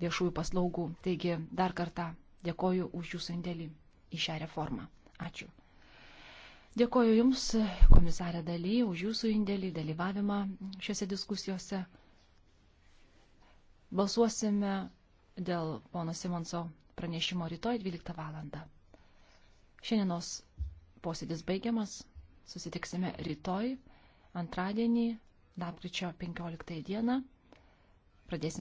viešųjų paslaugų. Taigi dar kartą dėkoju už jūsų indėlį į šią reformą. Ačiū. Dėkoju Jums, komisarė Daly, už Jūsų indėlį, dalyvavimą šiuose diskusijose. Balsuosime dėl pono Simonso pranešimo rytoj 12 val. Šiandienos posėdis baigiamas. Susitiksime rytoj, antradienį, lapkričio 15 dieną. Pradėsime.